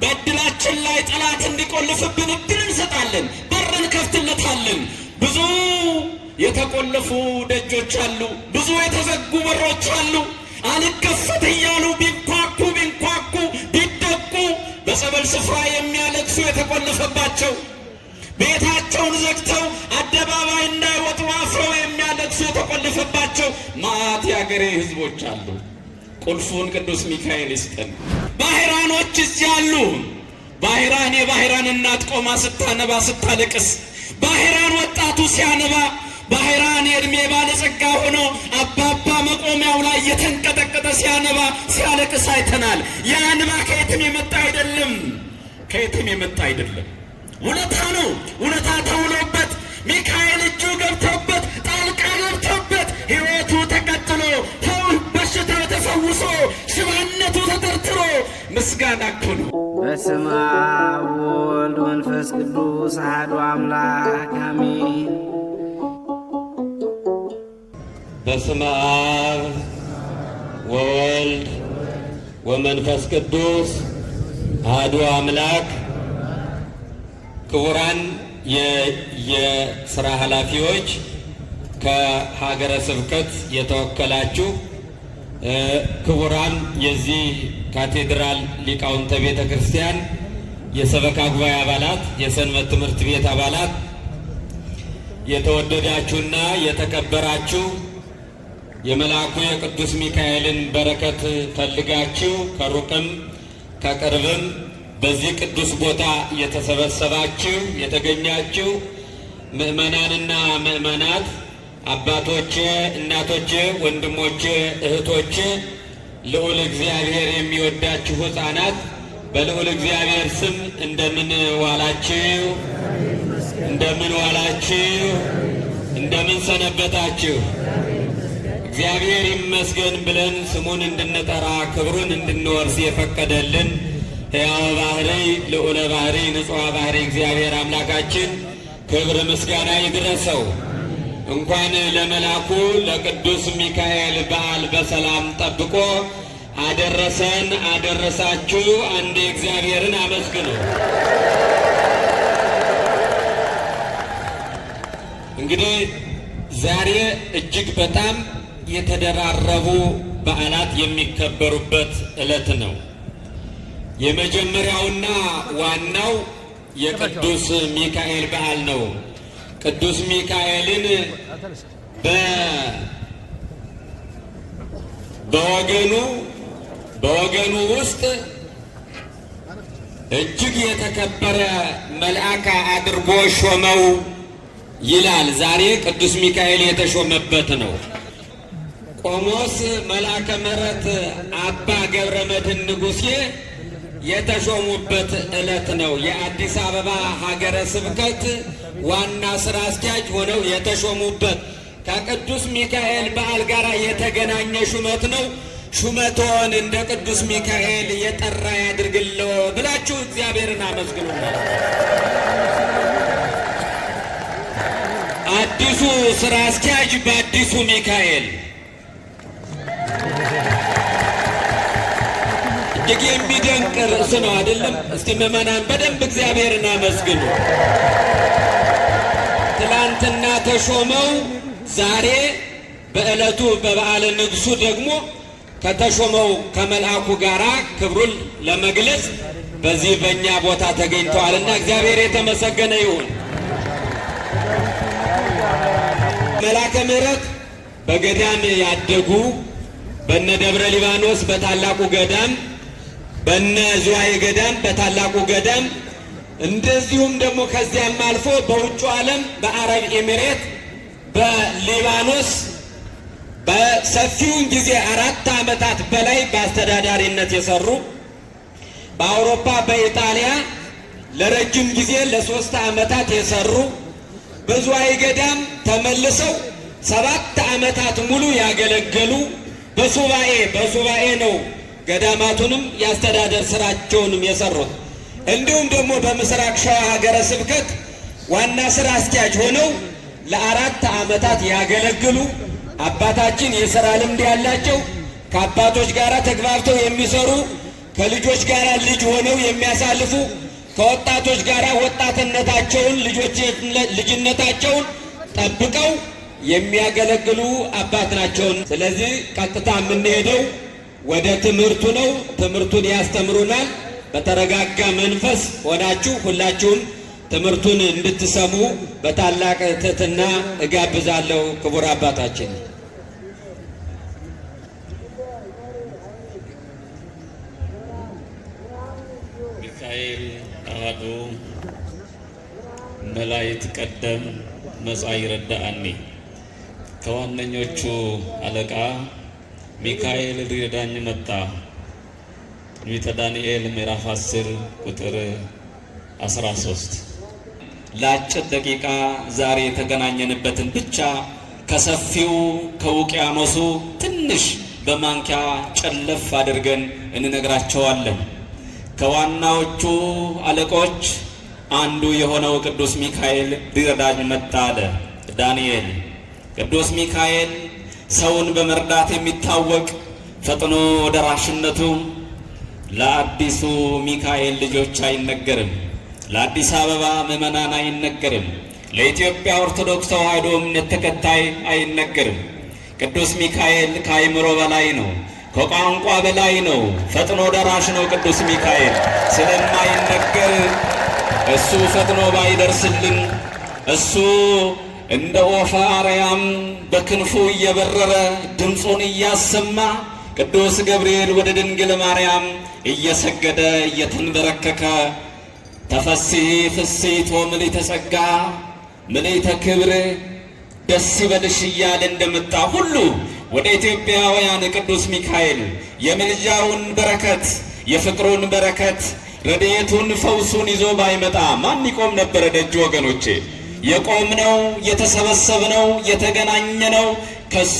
በእድላችን ላይ ጠላት እንዲቆልፍብን እድል እንሰጣለን፣ በር እንከፍትለታለን። ብዙ የተቆለፉ ደጆች አሉ፣ ብዙ የተዘጉ በሮች አሉ። አልከፈት እያሉ ቢንኳኩ ቢንኳኩ ቢደቁ በጸበል ስፍራ የሚያለቅሱ የተቆለፈባቸው ቤታቸውን ዘግተው አደባባይ እንዳይወጡ አፍረው የሚያለቅሱ የተቆለፈባቸው ማት የአገሬ ህዝቦች አሉ። ቁልፉን ቅዱስ ሚካኤል ይስጠን። ባህራኖች እዚህ አሉ። ባህራን የባህራን እናት ቆማ ስታነባ ስታለቅስ፣ ባህራን ወጣቱ ሲያነባ፣ ባህራን የእድሜ ባለጸጋ ሆኖ አባባ መቆሚያው ላይ እየተንቀጠቀጠ ሲያነባ ሲያለቅስ አይተናል። ያ እንባ ከየትም የመጣ አይደለም፣ ከየትም የመጣ አይደለም። ውለታ ነው። ውለታ ተውሎበት ሚካኤል ተጠቅሶ ሽባነቱ ተጠርጥሮ ምስጋና እኮ ነው። በስመ አብ ወወልድ ወመንፈስ ቅዱስ አሐዱ አምላክ አሜን። በስመ አብ ወወልድ ወመንፈስ ቅዱስ አሐዱ አምላክ ክቡራን የስራ ኃላፊዎች ከሀገረ ስብከት የተወከላችሁ ክቡራን የዚህ ካቴድራል ሊቃውንተ ቤተ ክርስቲያን የሰበካ ጉባኤ አባላት፣ የሰንበት ትምህርት ቤት አባላት፣ የተወደዳችሁና የተከበራችሁ የመልአኩ የቅዱስ ሚካኤልን በረከት ፈልጋችሁ ከሩቅም ከቅርብም በዚህ ቅዱስ ቦታ የተሰበሰባችሁ የተገኛችሁ ምእመናንና ምእመናት አባቶች፣ እናቶች፣ ወንድሞች፣ እህቶች ልዑል እግዚአብሔር የሚወዳችሁ ሕፃናት በልዑል እግዚአብሔር ስም እንደምን ዋላችሁ? እንደምን ዋላችሁ? እንደምን ሰነበታችሁ? እግዚአብሔር ይመስገን ብለን ስሙን እንድንጠራ ክብሩን እንድንወርስ የፈቀደልን ሕያው ባህሪ ልዑለ ባህሪ ንጹሐ ባሕሪ እግዚአብሔር አምላካችን ክብር ምስጋና ይድረሰው። እንኳን ለመላኩ ለቅዱስ ሚካኤል በዓል በሰላም ጠብቆ አደረሰን አደረሳችሁ። አንድ እግዚአብሔርን አመስግኑ። እንግዲህ ዛሬ እጅግ በጣም የተደራረቡ በዓላት የሚከበሩበት ዕለት ነው። የመጀመሪያውና ዋናው የቅዱስ ሚካኤል በዓል ነው። ቅዱስ ሚካኤልን በወገኑ በወገኑ ውስጥ እጅግ የተከበረ መልአክ አድርጎ ሾመው ይላል። ዛሬ ቅዱስ ሚካኤል የተሾመበት ነው። ቆሞስ መልአከ ምሕረት አባ ገብረ መድኅን ንጉሴ የተሾሙበት ዕለት ነው። የአዲስ አበባ ሀገረ ስብከት ዋና ስራ አስኪያጅ ሆነው የተሾሙበት ከቅዱስ ሚካኤል በዓል ጋር የተገናኘ ሹመት ነው። ሹመቶን እንደ ቅዱስ ሚካኤል የጠራ ያድርግለው ብላችሁ እግዚአብሔርን አመስግኑ። አዲሱ ስራ አስኪያጅ በአዲሱ ሚካኤል እጅግ የሚደንቅ ርዕስ ነው አይደለም? እስቲ ምዕመናን በደንብ እግዚአብሔርን አመስግኑ። ትላንትና ተሾመው ዛሬ በዕለቱ በበዓለ ንግሱ ደግሞ ከተሾመው ከመልአኩ ጋራ ክብሩን ለመግለጽ በዚህ በእኛ ቦታ ተገኝተዋልና እግዚአብሔር የተመሰገነ ይሁን። መላከ ምሕረት በገዳም ያደጉ በነ ደብረ ሊባኖስ በታላቁ ገዳም፣ በነ ዙዋዬ ገዳም በታላቁ ገዳም እንደዚሁም ደግሞ ከዚያም አልፎ በውጭ ዓለም በአረብ ኤሚሬት፣ በሊባኖስ በሰፊውን ጊዜ አራት ዓመታት በላይ በአስተዳዳሪነት የሰሩ በአውሮፓ በኢጣሊያ ለረጅም ጊዜ ለሶስት ዓመታት የሰሩ በዝዋይ ገዳም ተመልሰው ሰባት ዓመታት ሙሉ ያገለገሉ በሱባኤ በሱባኤ ነው ገዳማቱንም የአስተዳደር ስራቸውንም የሰሩት። እንዲሁም ደግሞ በምስራቅ ሸዋ ሀገረ ስብከት ዋና ስራ አስኪያጅ ሆነው ለአራት ዓመታት ያገለግሉ አባታችን የሥራ ልምድ ያላቸው ከአባቶች ጋር ተግባብተው የሚሰሩ ከልጆች ጋር ልጅ ሆነው የሚያሳልፉ ከወጣቶች ጋር ወጣትነታቸውን ልጅነታቸውን ጠብቀው የሚያገለግሉ አባት ናቸው። ስለዚህ ቀጥታ የምንሄደው ወደ ትምህርቱ ነው። ትምህርቱን ያስተምሩናል። በተረጋጋ መንፈስ ሆናችሁ ሁላችሁም ትምህርቱን እንድትሰሙ በታላቅ ትህትና እጋብዛለሁ። ክቡር አባታችን ሚካኤል አሐዱ መላእክት ቀደም መጻኢ ከዋነኞቹ አለቃ ሚካኤል ሊረዳኝ መጣ ትንቢተ ዳንኤል ምዕራፍ 10 ቁጥር 13 ለአጭር ደቂቃ ዛሬ የተገናኘንበትን ብቻ ከሰፊው ከውቅያኖሱ ትንሽ በማንኪያ ጨለፍ አድርገን እንነግራቸዋለን። ከዋናዎቹ አለቆች አንዱ የሆነው ቅዱስ ሚካኤል ሊረዳኝ መጣ አለ ዳንኤል። ቅዱስ ሚካኤል ሰውን በመርዳት የሚታወቅ ፈጥኖ ደራሽነቱ ለአዲሱ ሚካኤል ልጆች አይነገርም፣ ለአዲስ አበባ ምዕመናን አይነገርም፣ ለኢትዮጵያ ኦርቶዶክስ ተዋሕዶ እምነት ተከታይ አይነገርም። ቅዱስ ሚካኤል ከአይምሮ በላይ ነው፣ ከቋንቋ በላይ ነው፣ ፈጥኖ ደራሽ ነው። ቅዱስ ሚካኤል ስለማይነገር እሱ ፈጥኖ ባይደርስልን እሱ እንደ ወፈ አርያም በክንፉ እየበረረ ድምፁን እያሰማ ቅዱስ ገብርኤል ወደ ድንግል ማርያም እየሰገደ እየተንበረከከ ተፈሲ ፍሲቶ ምልዕተ ጸጋ ምልዕተ ክብር ደስ ይበልሽ እያለ እንደመጣ ሁሉ ወደ ኢትዮጵያውያን ቅዱስ ሚካኤል የምልጃውን በረከት የፍቅሩን በረከት ረድኤቱን ፈውሱን ይዞ ባይመጣ ማን ይቆም ነበረ ደጅ ወገኖቼ? የቆምነው የተሰበሰብነው የተገናኘነው ከሱ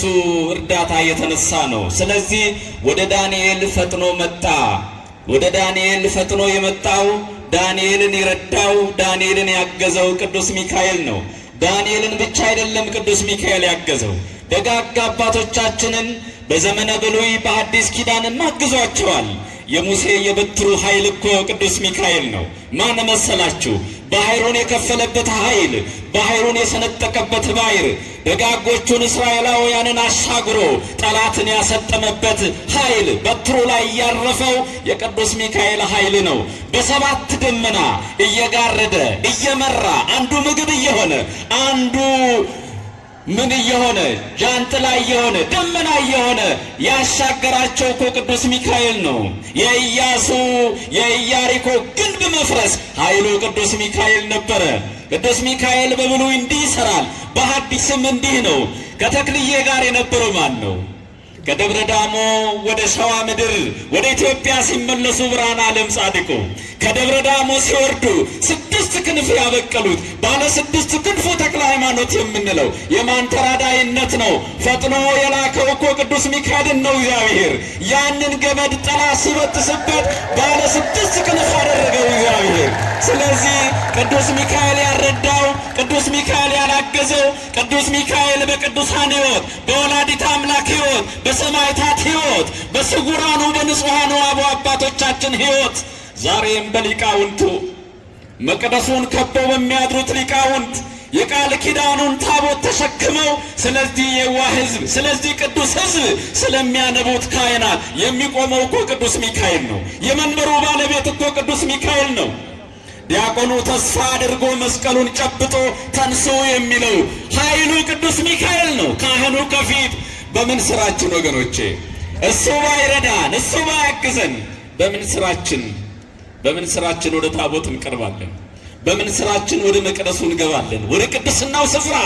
እርዳታ የተነሳ ነው። ስለዚህ ወደ ዳንኤል ፈጥኖ መጣ። ወደ ዳንኤል ፈጥኖ የመጣው ዳንኤልን ይረዳው ዳንኤልን ያገዘው ቅዱስ ሚካኤል ነው። ዳንኤልን ብቻ አይደለም ቅዱስ ሚካኤል ያገዘው፣ ደጋግ አባቶቻችንን በዘመነ ብሉይ በአዲስ ኪዳንም አግዟቸዋል። የሙሴ የበትሩ ኃይል እኮ ቅዱስ ሚካኤል ነው። ማን መሰላችሁ? ባሕሩን የከፈለበት ኃይል፣ ባሕሩን የሰነጠቀበት ባሕር ደጋጎቹን እስራኤላውያንን አሻግሮ ጠላትን ያሰጠመበት ኃይል በትሩ ላይ ያረፈው የቅዱስ ሚካኤል ኃይል ነው። በሰባት ደመና እየጋረደ እየመራ አንዱ ምግብ እየሆነ አንዱ ምን እየሆነ ጃንጥላ እየሆነ ደመና እየሆነ ያሻገራቸው እኮ ቅዱስ ሚካኤል ነው። የኢያሱ የኢያሪኮ ግንብ መፍረስ ኃይሉ ቅዱስ ሚካኤል ነበረ። ቅዱስ ሚካኤል በብሉይ እንዲህ ይሰራል፣ በሐዲስም እንዲህ ነው። ከተክልዬ ጋር የነበረው ማን ነው? ከደብረ ዳሞ ወደ ሸዋ ምድር ወደ ኢትዮጵያ ሲመለሱ ብርሃነ ዓለም ጻድቁ ከደብረ ዳሞ ሲወርዱ ስድስት ክንፍ ያበቀሉት ባለ ስድስት ክንፉ ተክለ ሃይማኖት የምንለው የማን ተራዳይነት ነው? ፈጥኖ የላከው እኮ ቅዱስ ሚካኤልን ነው እግዚአብሔር። ያንን ገመድ ጠላ ሲበጥስበት ባለ ስድስት ክንፍ አደረገው እግዚአብሔር። ስለዚህ ቅዱስ ሚካኤል ያረዳው፣ ቅዱስ ሚካኤል ያላገዘው፣ ቅዱስ ሚካኤል በቅዱሳን ሕይወት በወላዲት አምላክ ሕይወት በሰማዕታት ሕይወት በስጉራኑ በንጹሐኑ አበው አባቶቻችን ሕይወት ዛሬም በሊቃውንቱ መቅደሱን ከበው በሚያድሩት ሊቃውንት የቃል ኪዳኑን ታቦት ተሸክመው ስለዚህ የዋ ሕዝብ ስለዚህ ቅዱስ ሕዝብ ስለሚያነቡት ካህናት የሚቆመው እኮ ቅዱስ ሚካኤል ነው። የመንበሩ ባለቤት እኮ ቅዱስ ሚካኤል ነው። ዲያቆኑ ተስፋ አድርጎ መስቀሉን ጨብጦ ተንሶ የሚለው ኃይሉ ቅዱስ ሚካኤል ነው። ካህኑ ከፊት በምን ስራችን ወገኖቼ? እሱ ባይረዳን እሱ ባያግዘን በምን ስራችን በምን ስራችን ወደ ታቦት እንቀርባለን? በምን ስራችን ወደ መቅደሱ እንገባለን? ወደ ቅድስናው ስፍራ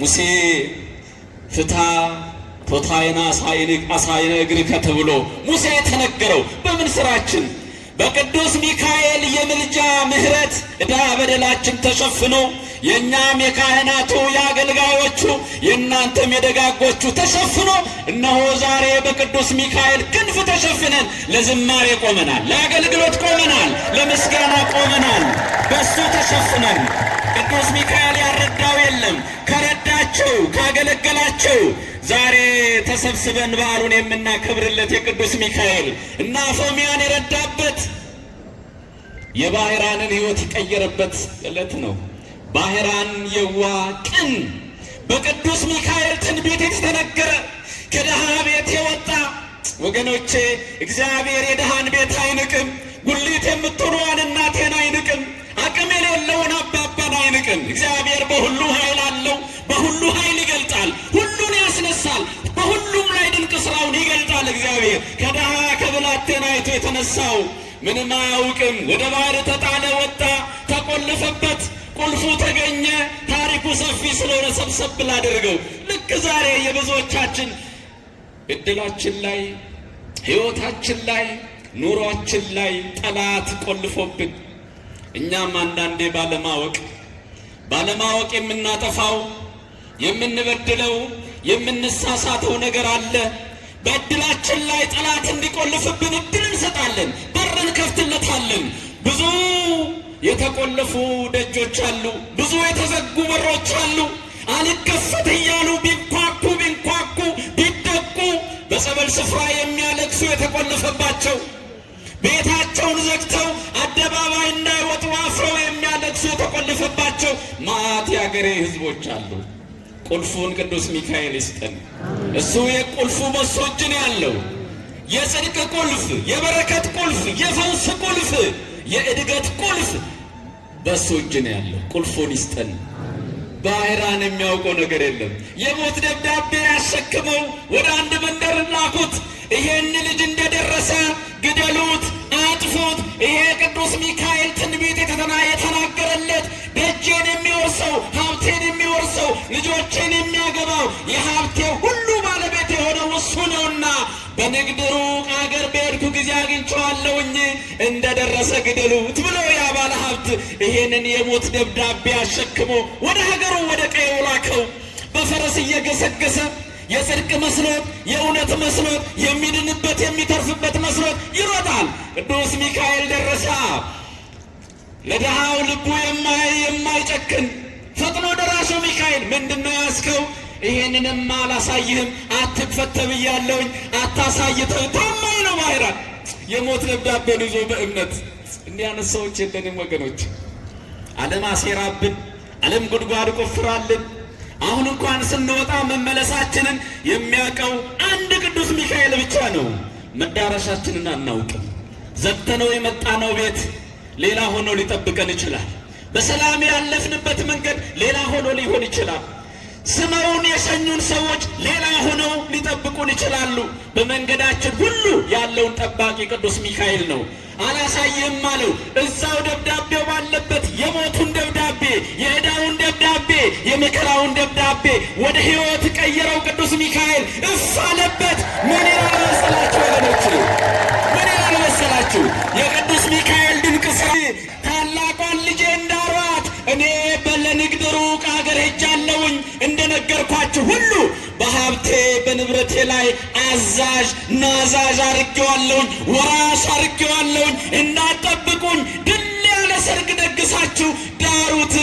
ሙሴ ፍታ ቶታይና አሳይነ እግርከ ተብሎ ሙሴ የተነገረው በምን ስራችን በቅዱስ ሚካኤል የምልጃ ምሕረት ዕዳ በደላችን ተሸፍኖ የእኛም የካህናቱ የአገልጋዮቹ የእናንተም የደጋጎቹ ተሸፍኖ እነሆ ዛሬ በቅዱስ ሚካኤል ክንፍ ተሸፍነን ለዝማሬ ቆመናል፣ ለአገልግሎት ቆመናል፣ ለምስጋና ቆመናል። በሱ ተሸፍነን ቅዱስ ሚካኤል ያረዳው የለም። ከረዳችሁ፣ ካገለገላቸው ዛሬ ተሰብስበን በዓሉን የምናከብርለት የቅዱስ ሚካኤል እና ፎሚያን የረዳበት የባህራንን ሕይወት የቀየረበት ዕለት ነው። ባህራን የዋ ቅን በቅዱስ ሚካኤል ትንቢት የተነገረ ከድሃ ቤት የወጣ ወገኖቼ፣ እግዚአብሔር የድሃን ቤት አይንቅም። ጉሊት የምት አስነሳው። ምንም አያውቅም። ወደ ባህር ተጣለ፣ ወጣ፣ ተቆለፈበት። ቁልፉ ተገኘ። ታሪኩ ሰፊ ስለሆነ ሰብሰብ ላደርገው። ልክ ዛሬ የብዙዎቻችን እድላችን ላይ ህይወታችን ላይ ኑሯችን ላይ ጠላት ቆልፎብን እኛም አንዳንዴ ባለማወቅ ባለማወቅ የምናጠፋው የምንበድለው የምንሳሳተው ነገር አለ። በእድላችን ላይ ጠላት እንዲቆልፍብን እድል እንሰጣለን፣ በር እንከፍትለታለን። ብዙ የተቆለፉ ደጆች አሉ፣ ብዙ የተዘጉ በሮች አሉ። አልከፈት እያሉ ቢንኳኩ ቢንኳኩ ቢደቁ በጸበል ስፍራ የሚያለቅሱ የተቆለፈባቸው ቤታቸውን ዘግተው አደባባይ እንዳይወጡ አፍረው የሚያለቅሱ የተቆለፈባቸው ማት የአገሬ ህዝቦች አሉ። ቁልፉን ቅዱስ ሚካኤል ይስጠን። እሱ የቁልፉ በሱ እጅ ነው ያለው። የጽድቅ ቁልፍ፣ የበረከት ቁልፍ፣ የፈውስ ቁልፍ፣ የእድገት ቁልፍ በሱ እጅ ነው ያለው። ቁልፉን ይስጠን። ባህራን የሚያውቀው ነገር የለም። የሞት ደብዳቤ ያሸክመው ወደ አንድ መንደር ላኩት። ይሄን ልጅ እንደደረሰ ግደሉት፣ አጥፉት። ይሄ ቅዱስ ሚካኤል ትንቢት የተተና የተናገረለት ደጄን የሚወርሰው ሀብቴን የሚወርሰው ልጆቼን የሚያገባው የሀብቴ አግኝቼዋለሁኝ እንደደረሰ ግደሉት ብሎ ያ ባለ ሀብት ይሄንን የሞት ደብዳቤ አሸክሞ ወደ ሀገሩ ወደ ቀየው ላከው። በፈረስ እየገሰገሰ የጽድቅ መስሎት የእውነት መስሎት የሚድንበት የሚተርፍበት መስሎት ይሮጣል። ቅዱስ ሚካኤል ደረሰ። ለድሃው ልቡ የማይ የማይጨክን ፈጥኖ ደራሹ ሚካኤል ምንድነው ያስከው? ይሄንንም አላሳይህም፣ አትፈተብ እያለውኝ አታሳይተው ታማኝ ነው ባህራን የሞት ደብዳቤን ይዞ በእምነት እንዲህ አይነት ሰዎች የለንም ወገኖች። ዓለም አሴራብን፣ ዓለም ጉድጓድ ቆፍራልን። አሁን እንኳን ስንወጣ መመለሳችንን የሚያውቀው አንድ ቅዱስ ሚካኤል ብቻ ነው። መዳረሻችንን አናውቅም። ዘግተነው የመጣነው ቤት ሌላ ሆኖ ሊጠብቀን ይችላል። በሰላም ያለፍንበት መንገድ ሌላ ሆኖ ሊሆን ይችላል። ስመውን የሸኙን ሰዎች ሌላ ሆነው ሊጠብቁን ይችላሉ። በመንገዳችን ሁሉ ያለውን ጠባቂ ቅዱስ ሚካኤል ነው። አላሳየም አለው። እዛው ደብዳቤው ባለበት የሞቱን ደብዳቤ፣ የዕዳውን ደብዳቤ፣ የመከራውን ደብዳቤ ወደ ሕይወት ቀየረው ቅዱስ ሚካኤል። እፍ አለበት። ምን ያህል መሰላችሁ? ወገኖች ምን ያህል መሰላችሁ? የቅዱስ ሚካኤል ያላችሁ ሁሉ በሀብቴ በንብረቴ ላይ አዛዥ ናዛዥ አርጌዋለሁኝ፣ ወራሽ አርጌዋለሁኝ። እንዳጠብቁኝ ድል ያለ ሰርግ ደግሳችሁ ዳሩት።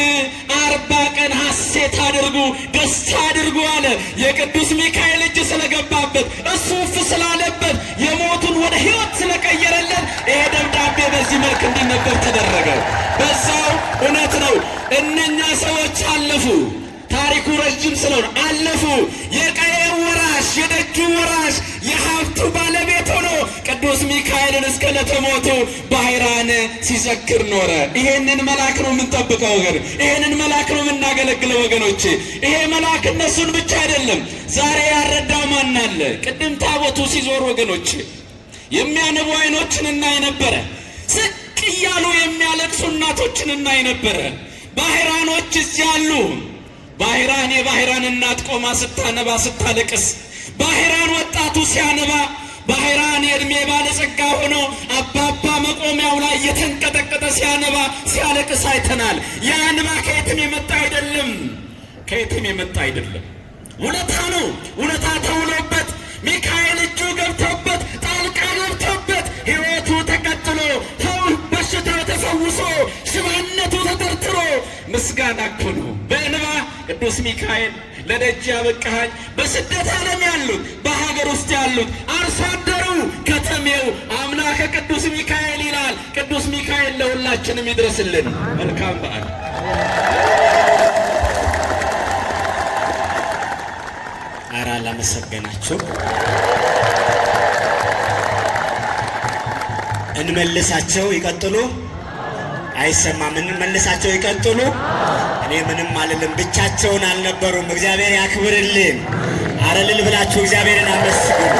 አርባ ቀን ሐሴት አድርጉ፣ ደስታ አድርጉ አለ። የቅዱስ ሚካኤል እጅ ስለገባበት እሱ ፍ ስላለበት የሞቱን ወደ ሕይወት ስለቀየረለን ይሄ ደብዳቤ በዚህ መልክ እንዲነበብ ተደረገ። በዛው እውነት ነው እነኛ ሰዎች አለፉ። ታሪኩ ረጅም ስለሆነ የቀዬ ወራሽ፣ የደጁ ወራሽ፣ የሀብቱ ባለቤት ሆኖ ቅዱስ ሚካኤልን እስከ ለተሞቱ ባህራን ሲዘክር ኖረ። ይሄንን መልአክ ነው የምንጠብቀው ወገን፣ ይሄንን መልአክ ነው የምናገለግለው ወገኖቼ። ይሄ መልአክ እነሱን ብቻ አይደለም ዛሬ ያረዳው ማን አለ? ቅድም ታቦቱ ሲዞር ወገኖቼ የሚያነቡ አይኖችን እናይ ነበረ። ዝቅ እያሉ የሚያለቅሱ እናቶችን እናይ ነበረ። ባህራኖች እዚያ አሉ። ባህራን የባህራን እናት ቆማ ስታነባ ስታለቅስ፣ ባህራን ወጣቱ ሲያነባ፣ ባህራን የእድሜ ባለጸጋ ሆኖ አባባ መቆሚያው ላይ እየተንቀጠቀጠ ሲያነባ ሲያለቅስ አይተናል። ያ እንባ ከየትም የመጣ አይደለም፣ ከየትም የመጣ አይደለም። እውነታ ነው። እውነታ ተውላ ቅዱስ ሚካኤል ለደጅ ያበቃሃኝ በስደት ዓለም ያሉት በሀገር ውስጥ ያሉት አርሶ አደሩ፣ ከተሜው አምላከ ቅዱስ ሚካኤል ይላል። ቅዱስ ሚካኤል ለሁላችንም ይድረስልን። መልካም በዓል። አራ አላመሰገናችሁ እንመልሳቸው ይቀጥሉ። አይሰማም። እንመልሳቸው ይቀጥሉ። እኔ ምንም አልልም። ብቻቸውን አልነበሩም። እግዚአብሔር ያክብርልን። አረልል ብላችሁ እግዚአብሔርን አመስግኑ።